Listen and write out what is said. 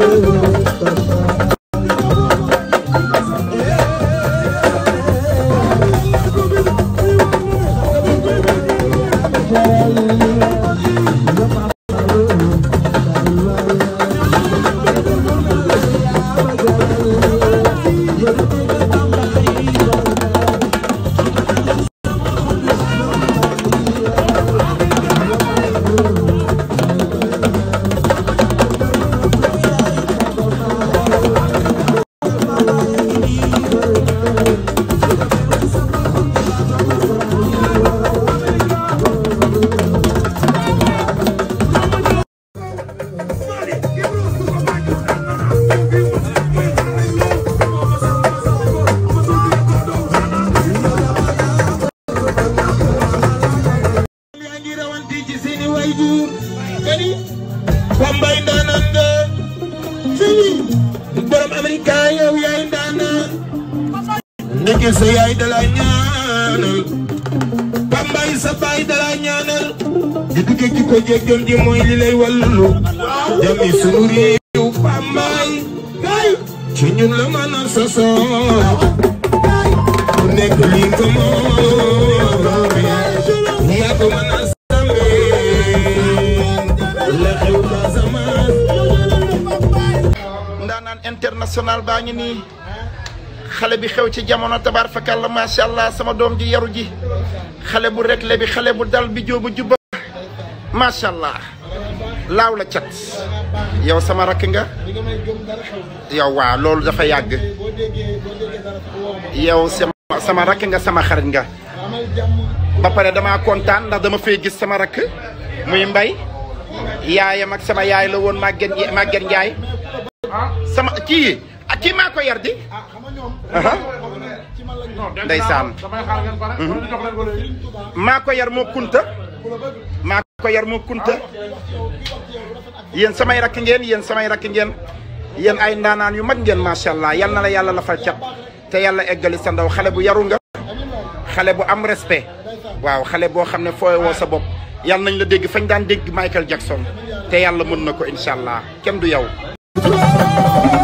Mustafa borom Amerika yow yaay ndaanaan ndeke sa yaay dala ñaanal pambaay sa baay dala ñaanal di ci ko jeeg ji mooy li lay wàllu jami sunu réew pambaay kay ci ñun la mën a sosoo ku nekk lii nga moom ndaanaan international baa ngi nii xale bi xew ci jamono tabaar fakal la macha allah sama doom ji yaru ji xale bu rekle bi xale bu dal bi jóobu jubba macha allah laaw la cat yow sama rakk nga yow waaw loolu dafa yàgg yow sama sama rakk nga sama xarit nga ba pare damaa kontaan ndax dama fay gis sama rakk muy mbay yaayam ak sama yaay la woon màgget Maguette Ndiaye sama kii ak kii maa ko yar di. ah xam nga ñoom. ndeysaan. Mhm. maa ko yar moo kunta. maa yar moo kunta. Ah, yéen samay rakk ngeen yéen samay rakk ngeen. yéen ay ndaanaan yu mag ngeen macha allah yal na la yàlla la fal cat. te yàlla eggali sa ndaw xale bu yaru nga. xale bu am respect. waaw xale boo xam ne fooy woo sa bopp. yàlla nañ la dégg fañ daan dégg Michael Jackson. te yàlla mën na ko incha allah kenn du yow. Thank you.